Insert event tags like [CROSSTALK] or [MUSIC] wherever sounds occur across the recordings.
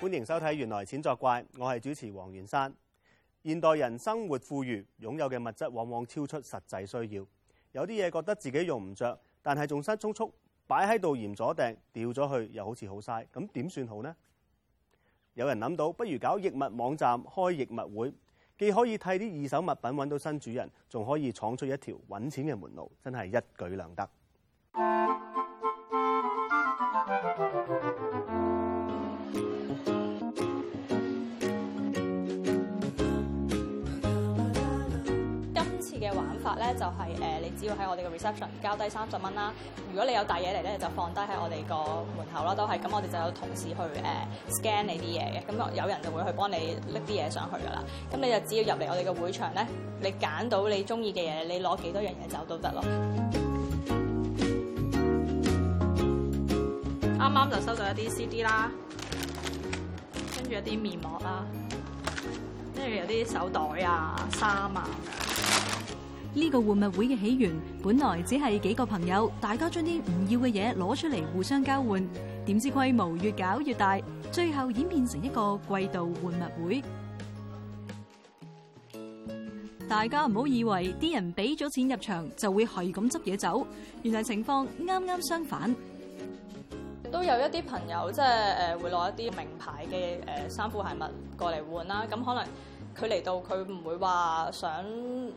歡迎收睇《原來錢作怪》，我係主持黃元山。現代人生活富裕，擁有嘅物質往往超出實際需要。有啲嘢覺得自己用唔着，但係仲失足速擺喺度嫌咗訂，掉咗去，又好似好嘥。咁點算好呢？有人諗到，不如搞易物網站，開易物會，既可以替啲二手物品揾到新主人，仲可以闖出一條揾錢嘅門路，真係一舉兩得。嗯咧就係誒，你只要喺我哋個 reception 交低三十蚊啦。如果你有大嘢嚟咧，就放低喺我哋個門口啦，都係。咁我哋就有同事去誒 scan 你啲嘢嘅。咁有人就會去幫你拎啲嘢上去噶啦。咁你就只要入嚟我哋個會場咧，你揀到你中意嘅嘢，你攞幾多樣嘢走都得咯。啱啱就收到一啲 CD 啦，跟住一啲面膜啦，跟住有啲手袋啊、衫啊。呢個換物會嘅起源，本來只係幾個朋友，大家將啲唔要嘅嘢攞出嚟互相交換。點知規模越搞越大，最後演變成一個季度換物會。大家唔好以為啲人俾咗錢入場就會係咁執嘢走，原來情況啱啱相反。都有一啲朋友即係誒會攞一啲名牌嘅誒衫褲鞋襪過嚟換啦，咁可能。佢嚟到佢唔會話想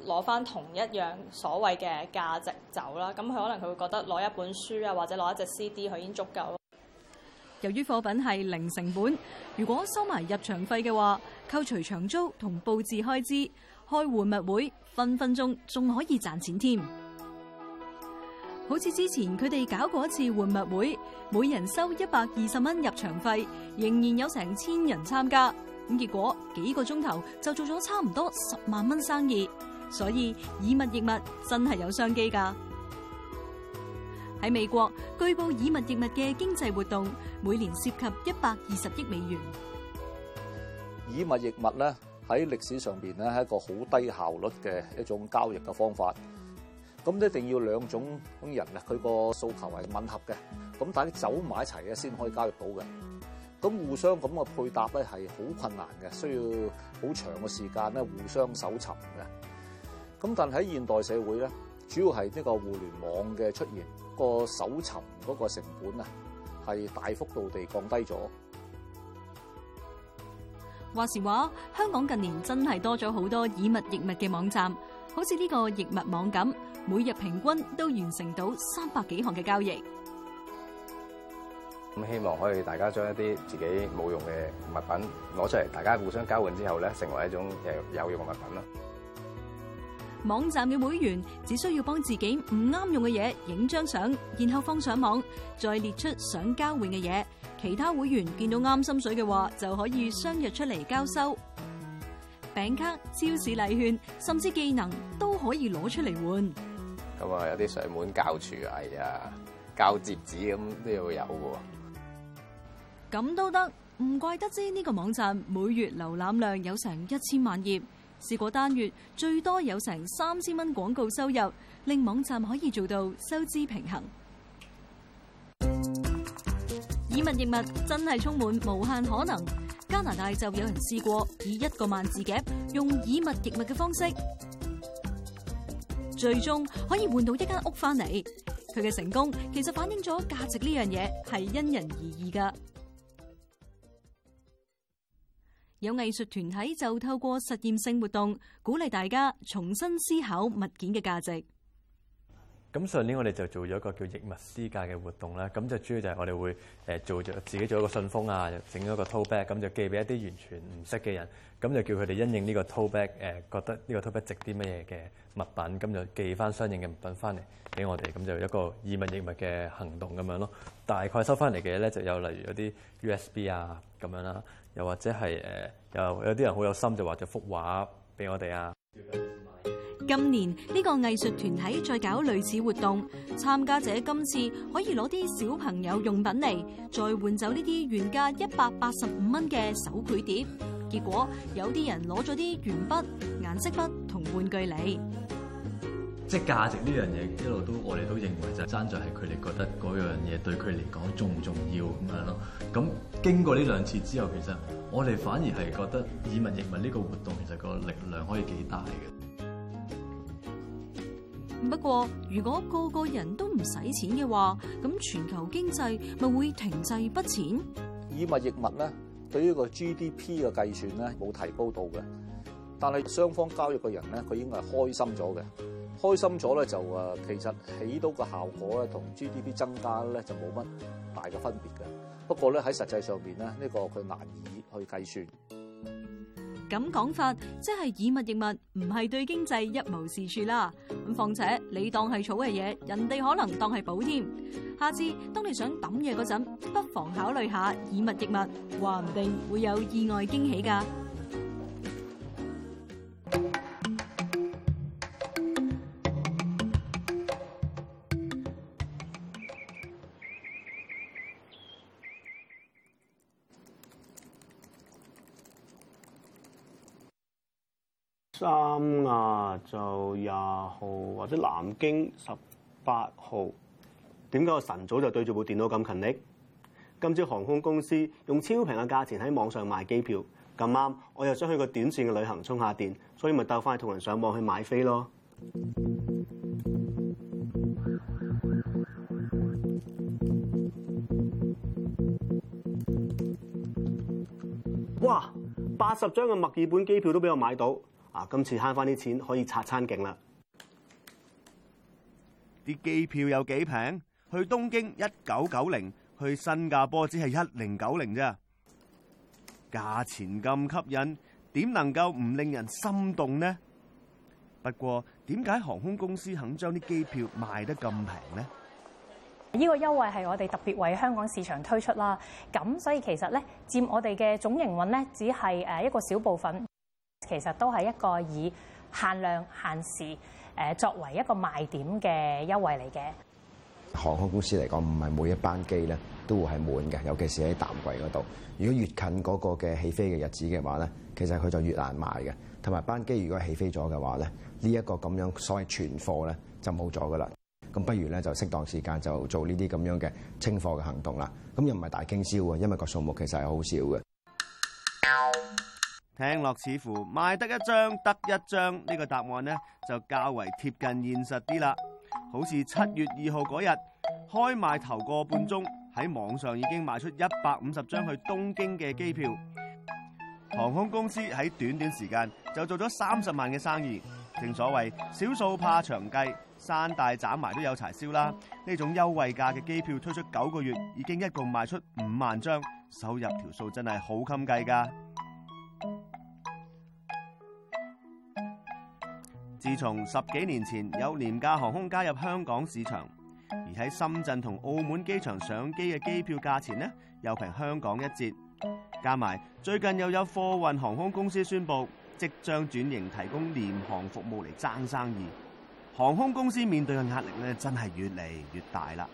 攞返同一樣所謂嘅價值走啦，咁佢可能佢會覺得攞一本書啊，或者攞一隻 CD 佢已經足夠咯。由於貨品係零成本，如果收埋入場費嘅話，扣除場租同佈置開支，開換物會分分鐘仲可以賺錢添。好似之前佢哋搞過一次換物會，每人收一百二十蚊入場費，仍然有成千人參加。咁結果幾個鐘頭就做咗差唔多十萬蚊生意，所以以物易物真係有商機噶。喺美國，據報以物易物嘅經濟活動每年涉及一百二十億美元。以物易物咧喺歷史上面咧係一個好低效率嘅一種交易嘅方法。咁一定要兩種人啊，佢個訴求係吻合嘅，咁但係走埋一齊嘅先可以交易到嘅。咁互相咁嘅配搭咧係好困難嘅，需要好長嘅時間咧互相搜尋嘅。咁但喺現代社會咧，主要係呢個互聯網嘅出現個搜尋嗰個成本啊，係大幅度地降低咗。話時話，香港近年真係多咗好多以物易物嘅網站，好似呢個易物網咁，每日平均都完成到三百幾項嘅交易。咁希望可以大家將一啲自己冇用嘅物品攞出嚟，大家互相交換之後咧，成為一種誒有用嘅物品啦。網站嘅會員只需要幫自己唔啱用嘅嘢影張相，然後放上網，再列出想交換嘅嘢。其他會員見到啱心水嘅話，就可以相約出嚟交收。餅卡、超市禮券，甚至技能都可以攞出嚟換。咁啊，有啲上門教廚藝啊，教摺紙，咁都要有嘅喎。咁都得，唔怪得知呢個網站每月瀏覽量有成一千萬頁，試過單月最多有成三千蚊廣告收入，令網站可以做到收支平衡。以物易物真係充滿無限可能。加拿大就有人試過以一個萬字夾用以物易物嘅方式，最終可以換到一間屋翻嚟。佢嘅成功其實反映咗價值呢樣嘢係因人而異噶。有藝術團體就透過實驗性活動，鼓勵大家重新思考物件嘅價值。咁上年我哋就做咗個叫易物私架嘅活動啦。咁就主要就係我哋會誒做咗自己做一個信封啊，整咗個 tote bag，咁就寄俾一啲完全唔識嘅人，咁就叫佢哋因應呢個 tote bag 誒、呃，覺得呢個 tote bag 值啲乜嘢嘅物品，咁就寄翻相應嘅物品翻嚟俾我哋，咁就一個以物易物嘅行動咁樣咯。大概收翻嚟嘅咧，就有例如有啲 USB 啊咁樣啦、啊，又或者係誒又有啲人好有心就畫咗幅畫俾我哋啊。今年呢個藝術團體再搞類似活動，參加者今次可以攞啲小朋友用品嚟，再換走呢啲原價一百八十五蚊嘅手繪碟。結果有啲人攞咗啲鉛筆、顏色筆同玩具嚟，即係價值呢樣嘢一路都我哋都認為就係、是、爭在係佢哋覺得嗰樣嘢對佢嚟講重唔重要咁樣咯。咁經過呢兩次之後，其實我哋反而係覺得以物易物呢個活動其實個力量可以幾大嘅。不過如果個個人都唔使錢嘅話，咁全球經濟咪會停滯不前？以物易物咧，對於個 GDP 嘅計算咧冇提高到嘅，但係雙方交易嘅人咧，佢應該係開心咗嘅。開心咗咧就誒，其實起到個效果咧，同 GDP 增加咧就冇乜大嘅分別嘅。不過咧喺實際上邊咧，呢個佢難以去計算。咁講法，即係以物易物，唔係對經濟一無是處啦。咁況且你當係草嘅嘢，人哋可能當係寶添。下次當你想抌嘢嗰陣，不妨考慮下以物易物，話唔定會有意外驚喜噶。三亞、嗯啊、就廿號，或者南京十八號。點解我晨早就對住部電腦咁勤力？今朝航空公司用超平嘅價錢喺網上賣機票。咁啱，我又想去個短線嘅旅行充下電，所以咪鬥快同人上網去買飛咯。哇！八十張嘅墨爾本機票都俾我買到。啊！今次慳翻啲錢，可以拆餐勁啦。啲機票有幾平？去東京一九九零，去新加坡只係一零九零啫。價錢咁吸引，點能夠唔令人心動呢？不過點解航空公司肯將啲機票賣得咁平呢？呢個優惠係我哋特別為香港市場推出啦。咁所以其實咧，佔我哋嘅總營運咧，只係誒一個小部分。其實都係一個以限量限時誒作為一個賣點嘅優惠嚟嘅。航空公司嚟講，唔係每一班機咧都會係滿嘅，尤其是喺淡季嗰度。如果越近嗰個嘅起飛嘅日子嘅話咧，其實佢就越難賣嘅。同埋班機如果起飛咗嘅話咧，呢、這、一個咁樣所謂存貨咧就冇咗噶啦。咁不如咧就適當時間就做呢啲咁樣嘅清貨嘅行動啦。咁又唔係大傾銷啊，因為個數目其實係好少嘅。聽落似乎賣得一張得一張，呢個答案呢就較為貼近現實啲啦。好似七月二號嗰日那天開賣頭個半鐘，喺網上已經賣出一百五十張去東京嘅機票，航空公司喺短短時間就做咗三十萬嘅生意。正所謂小數怕長計，山大斬埋都有柴燒啦。呢種優惠價嘅機票推出九個月，已經一共賣出五萬張，收入條數真係好襟計㗎。自從十幾年前有廉價航空加入香港市場，而喺深圳同澳門機場上機嘅機票價錢呢，又平香港一截，加埋最近又有貨運航空公司宣布即將轉型提供廉航服務嚟爭生意，航空公司面對嘅壓力呢，真係越嚟越大啦。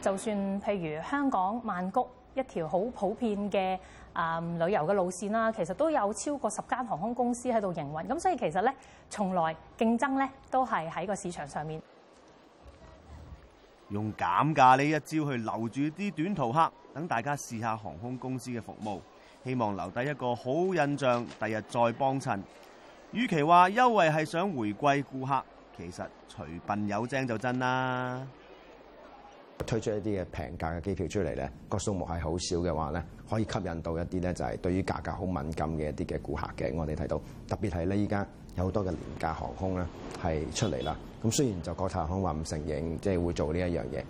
就算譬如香港曼谷，一條好普遍嘅啊旅遊嘅路線啦，其實都有超過十間航空公司喺度營運，咁所以其實呢，從來競爭呢都係喺個市場上面。用減價呢一招去留住啲短途客，等大家試下航空公司嘅服務，希望留低一個好印象，第日再幫襯。與其話優惠係想回饋顧客，其實隨笨有精就真啦。推出一啲嘅平價嘅機票出嚟咧，個數目係好少嘅話，咧，可以吸引到一啲咧，就係對於價格好敏感嘅一啲嘅顧客嘅。我哋睇到特別係咧，依家有好多嘅廉價航空咧係出嚟啦。咁雖然就國泰航空話唔承認，即係會做呢一樣嘢。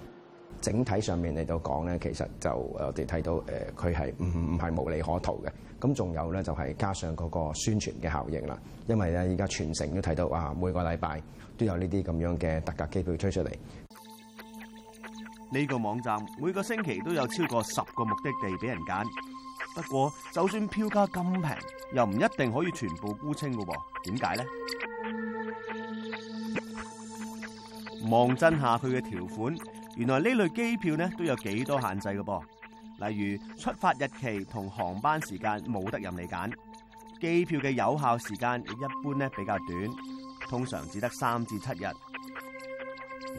整體上面嚟到講咧，其實就我哋睇到誒，佢係唔係無利可圖嘅。咁仲有咧就係加上嗰個宣傳嘅效應啦，因為咧依家全城都睇到啊，每個禮拜都有呢啲咁樣嘅特價機票推出嚟。呢個網站每個星期都有超過十個目的地俾人揀，不過就算票價咁平，又唔一定可以全部沽清噶。點解呢？望真下佢嘅條款，原來呢類機票咧都有幾多限制噶噃，例如出發日期同航班時間冇得任你揀，機票嘅有效時間一般咧比較短，通常只得三至七日。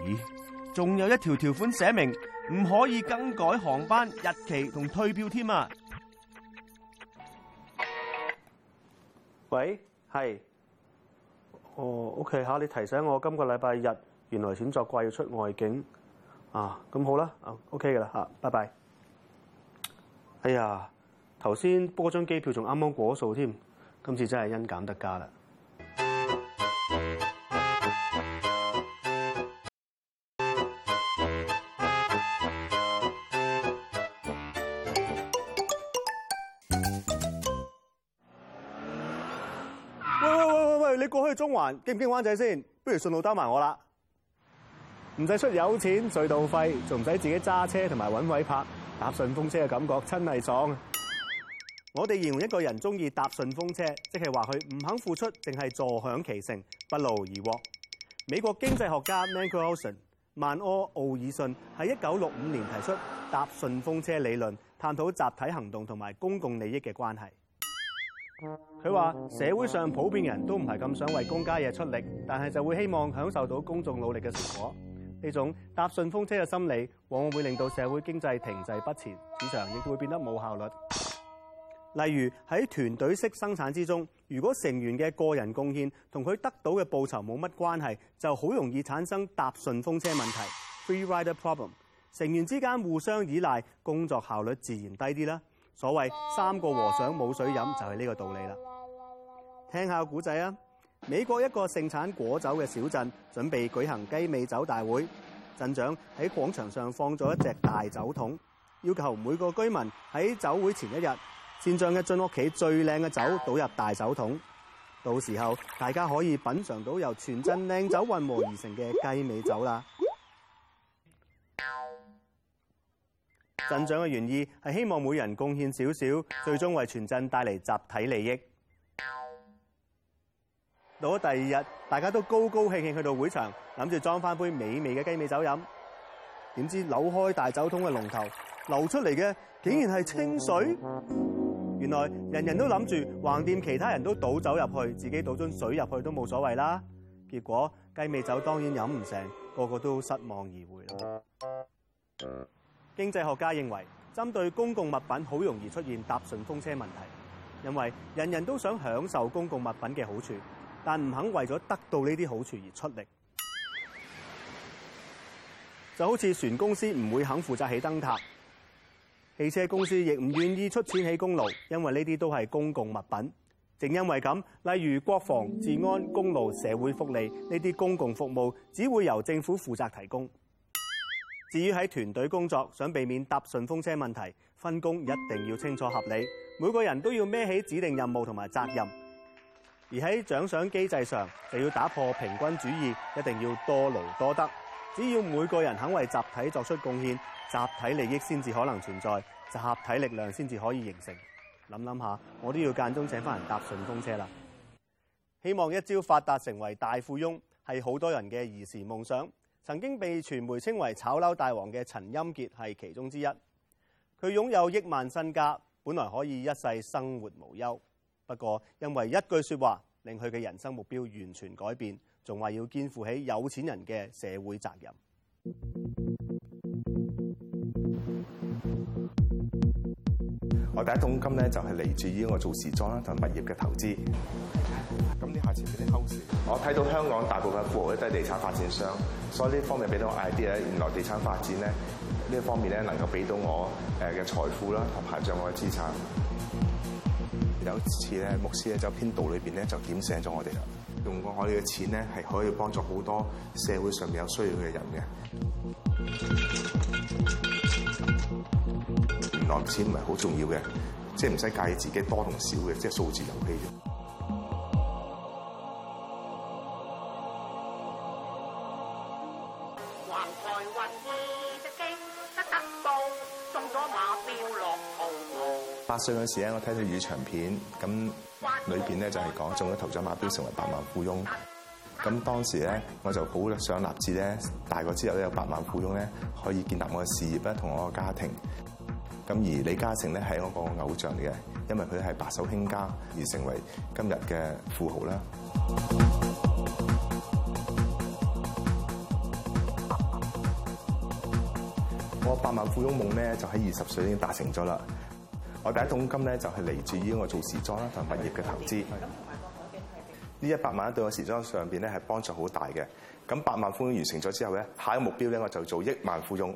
咦？仲有一條條款寫明唔可以更改航班日期同退票添啊！喂，係，哦，OK 吓，你提醒我今個禮拜日原來選擇季要出外景啊，咁好啦，啊，OK 噶啦吓，拜拜。哎呀，頭先 book 張機票仲啱啱過咗數添，今次真係因減得加啦。還經唔經灣仔先？不如順路兜埋我啦，唔使出油錢隧道費，仲唔使自己揸車同埋揾位泊，搭順風車嘅感覺真係爽。我哋形容一個人中意搭順風車，即係話佢唔肯付出，淨係坐享其成，不勞而獲。美國經濟學家曼柯奧爾遜 （Manco Olson） 喺一九六五年提出搭順風車理論，探討集體行動同埋公共利益嘅關係。佢話社會上普遍人都唔係咁想為公家嘢出力，但係就會希望享受到公眾努力嘅成果。呢種搭順風車嘅心理，往往會令到社會經濟停滯不前，市場亦會變得冇效率。例如喺團隊式生產之中，如果成員嘅個人貢獻同佢得到嘅報酬冇乜關係，就好容易產生搭順風車問題 （free rider problem）。成員之間互相依賴，工作效率自然低啲啦。所謂三個和尚冇水飲就係呢個道理啦。聽下個古仔啊！美國一個盛產果酒嘅小鎮，準備舉行雞尾酒大會。鎮長喺廣場上放咗一隻大酒桶，要求每個居民喺酒會前一日，先將一樽屋企最靚嘅酒倒入大酒桶。到時候大家可以品嘗到由全鎮靚酒混和而成嘅雞尾酒啦。鎮長嘅原意係希望每人貢獻少少，最終為全鎮帶嚟集體利益。到咗第二日，大家都高高興興去到會場，諗住裝翻杯美味嘅雞尾酒飲。點知扭開大酒桶嘅龍頭，流出嚟嘅竟然係清水。原來人人都諗住橫掂其他人都倒酒入去，自己倒樽水入去都冇所謂啦。結果，雞尾酒當然飲唔成，個個都失望而回啦。經濟學家認為，針對公共物品好容易出現搭順風車問題，因為人人都想享受公共物品嘅好處，但唔肯為咗得到呢啲好處而出力。就好似船公司唔會肯負責起燈塔，汽車公司亦唔願意出錢起公路，因為呢啲都係公共物品。正因為咁，例如國防、治安、公路、社會福利，呢啲公共服務只會由政府負責提供。至於喺團隊工作，想避免搭順風車問題，分工一定要清楚合理，每個人都要孭起指定任務同埋責任。而喺獎賞機制上，就要打破平均主義，一定要多勞多得。只要每個人肯為集體作出貢獻，集體利益先至可能存在，集體力量先至可以形成。諗諗下，我都要間中請返人搭順風車啦。希望一朝發達成為大富翁，係好多人嘅兒時夢想。曾經被傳媒稱為炒樓大王嘅陳欽杰係其中之一，佢擁有億萬身家，本來可以一世生活無憂。不過因為一句說話，令佢嘅人生目標完全改變，仲話要肩負起有錢人嘅社會責任。我第一桶金咧就係嚟自於我做時裝啦同埋物業嘅投資。咁你下次俾啲構思。我睇到香港大部分富豪咧都係地產發展商，所以呢方面俾到我 idea，原來地產發展咧呢方面咧能夠俾到我誒嘅財富啦同埋增加我嘅資產。有一次咧牧師咧就編導裏邊咧就點醒咗我哋啦，用過我哋嘅錢咧係可以幫助好多社會上面有需要嘅人嘅。嗯嗯嗯嗯嗯嗯賺錢唔係好重要嘅，即係唔使介意自己多同少嘅，即係數字遊戲啫。八歲嗰陣時咧，我睇到粵語長片咁裏邊咧就係講中咗頭獎馬標，成為百萬富翁。咁當時咧我就好想立志咧，大個之後咧有百萬富翁咧，可以建立我嘅事業咧，同我嘅家庭。咁而李嘉誠咧係我個偶像嚟嘅，因為佢係白手興家而成為今日嘅富豪啦。我百萬富翁夢咧就喺二十歲已經達成咗啦。我第一桶金咧就係嚟自於我做時裝啦同埋物業嘅投資。呢一百萬對我時裝上面咧係幫助好大嘅。咁百萬富翁完成咗之後咧，下一個目標咧我就做億萬富翁。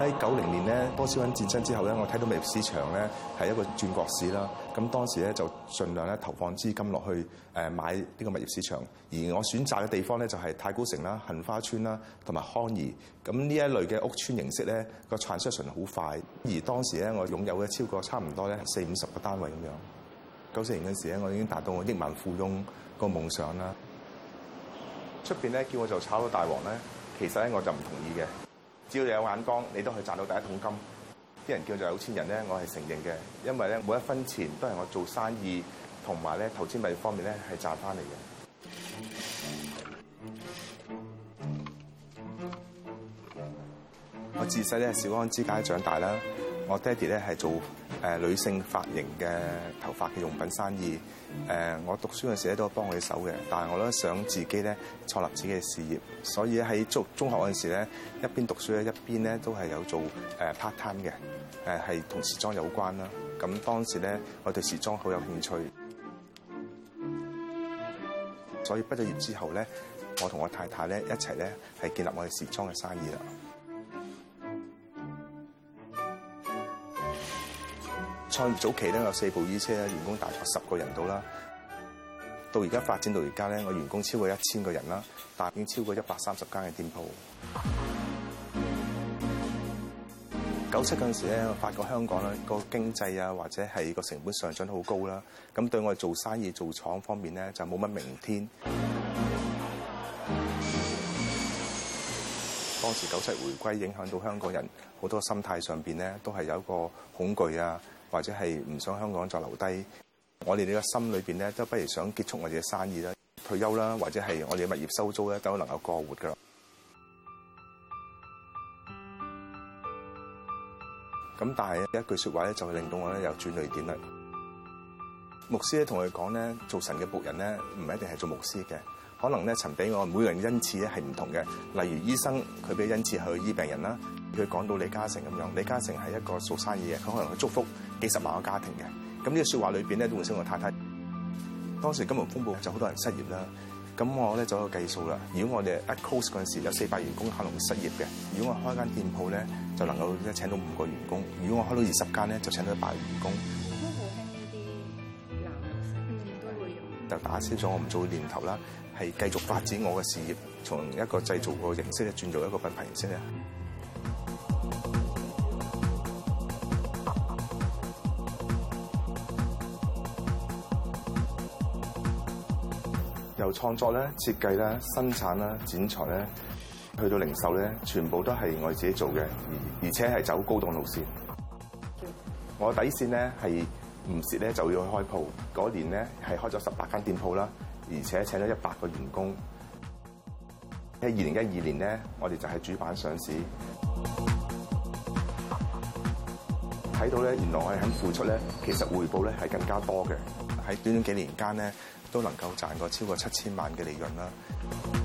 喺九零年咧，多小韻戰爭之後咧，我睇到物業市場咧係一個轉角市啦。咁當時咧就儘量咧投放資金落去誒買呢個物業市場。而我選擇嘅地方咧就係太古城啦、杏花村啦、同埋康怡。咁呢一類嘅屋村形式咧個 transaction 好快。而當時咧我擁有嘅超過差唔多咧四五十個單位咁樣。九四年嗰時咧我已經達到我億萬富翁個夢想啦。出邊咧叫我做炒到大王咧，其實咧我就唔同意嘅。只要你有眼光，你都可以賺到第一桶金。啲人叫做有錢人咧，我係承認嘅，因為咧每一分錢都係我做生意同埋咧投資物業方面咧係賺翻嚟嘅。我自細咧小安之家長大啦，我爹哋咧係做。誒、呃、女性髮型嘅頭髮嘅用品生意，誒、呃、我讀書嗰時咧都有幫佢手嘅，但係我都想自己咧創立自己嘅事業，所以喺中中學嗰時咧一邊讀書咧一邊咧都係有做誒 part time 嘅，誒係同時裝有關啦。咁當時咧我對時裝好有興趣，所以畢咗業之後咧，我同我太太咧一齊咧係建立我哋時裝嘅生意啦。創業早期咧，有四部衣車咧，員工大概十個人到啦。到而家發展到而家咧，我員工超過一千個人啦，但已經超過一百三十間嘅店鋪。 [MUSIC] 九七嗰陣時候我發覺香港咧個經濟啊，或者係個成本上漲好高啦。咁對我哋做生意做廠方面咧，就冇乜明天。 [MUSIC] 當時九七回歸影響到香港人好多心態上邊咧，都係有一個恐懼啊。或者係唔想香港再留低，我哋呢個心裏邊咧都不如想結束我哋嘅生意啦、退休啦，或者係我哋嘅物業收租咧都能夠過活㗎。咁但係一句説話咧就令到我咧有轉淚點啦。牧師咧同佢哋講咧，做神嘅僕人咧唔一定係做牧師嘅。可能咧，曾俾我，每人恩賜咧係唔同嘅。例如醫生，佢俾恩賜去醫病人啦。佢講到李嘉誠咁樣，李嘉誠係一個做生意嘅，佢可能去祝福幾十萬個家庭嘅。咁呢個說話裏面咧都會升我太太。當時金融風暴就好多人失業啦。咁我咧就有計計數啦。如果我哋一 close 嗰陣時有四百員工，可能會失業嘅。如果我開一間店鋪咧，就能夠咧請到五個員工。如果我開到二十間咧，就請到一百員工。就打消咗我唔做嘅念頭啦，係繼續發展我嘅事業，從一個製造個形式咧轉做一個品牌形式咧。嗯、由創作咧、設計啦、生產啦、剪裁咧，去到零售咧，全部都係我自己做嘅，而且係走高檔路線。謝謝。我底線咧係。唔蝕咧就要去開鋪，嗰年咧係開咗十八間店鋪啦，而且請咗一百個員工。喺二零一二年咧，我哋就係主板上市，睇到咧原來我哋肯付出咧，其實回報咧係更加多嘅。喺短短幾年間咧，都能夠賺過超過七千萬嘅利潤啦。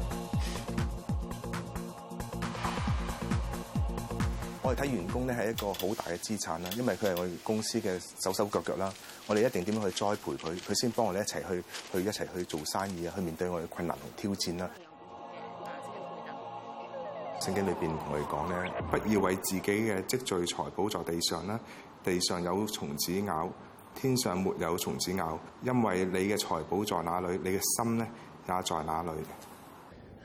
我哋睇員工咧係一個好大嘅資產啦，因為佢係我哋公司嘅手手腳腳啦。我哋一定點樣去栽培佢，佢先幫我哋一齊去，去一齊去做生意啊，去面對我哋困難同挑戰啦。聖 [NOISE] 經裏邊我哋講咧， [NOISE] 不要為自己嘅積聚財寶在地上啦，地上有蟲子咬，天上沒有蟲子咬，因為你嘅財寶在哪裏，你嘅心咧也在哪裏。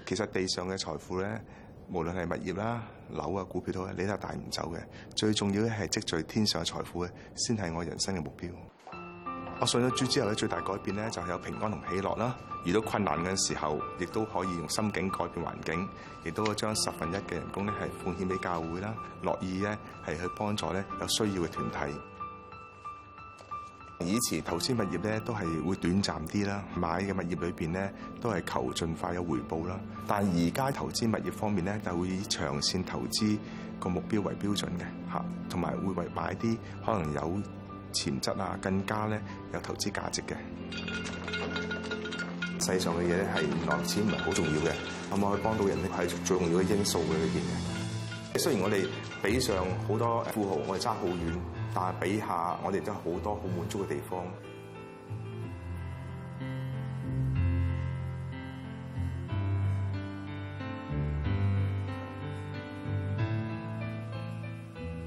其實地上嘅財富咧，無論係物業啦、樓啊、股票都係，你都係帶唔走嘅。最重要咧係積聚天上嘅財富咧，先係我人生嘅目標。我上咗主之後咧，最大改變咧就係有平安同喜樂啦。遇到困難嘅時候，亦都可以用心境改變環境，亦都會將十分一嘅人工咧係奉獻俾教會啦，樂意咧係去幫助咧有需要嘅團體。以前投資物業咧都係會短暫啲啦，買嘅物業裏邊咧都係求盡快有回報啦。但而家投資物業方面咧，就會以長線投資個目標為標準嘅嚇，同埋會為買啲可能有潛質啊、更加咧有投資價值嘅。世上嘅嘢咧係，原來錢唔係好重要嘅，咁冇可以幫到人咧係最重要嘅因素嘅裏邊嘅。雖然我哋比上好多富豪，我哋差好遠。啊！比下我哋都好多好滿足嘅地方。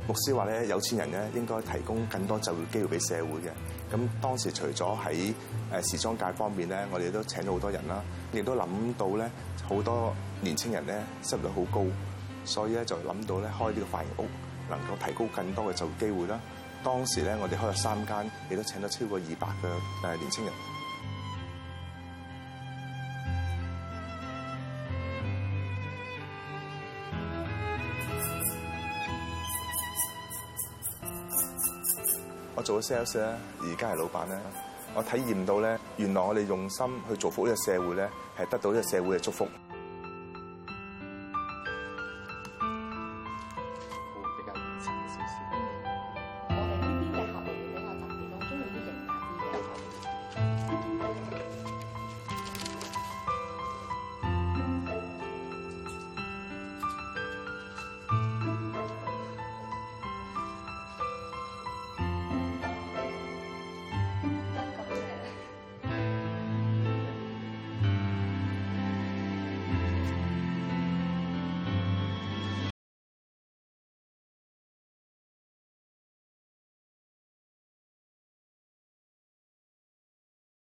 牧師話咧，有錢人咧應該提供更多就業機會俾社會嘅。咁當時除咗喺誒時裝界方面咧，我哋都請咗好多人啦，亦都諗到咧，好多年青人咧收入好高，所以咧就諗到咧開呢個髮型屋，能夠提供更多嘅就業機會啦。當時咧，我哋開咗三間，亦都請咗超過二百嘅年輕人。 [MUSIC] 我做咗 sales 咧，而家係老闆咧，我體驗到咧，原來我哋用心去造福呢個社會咧，係得到呢個社會嘅祝福。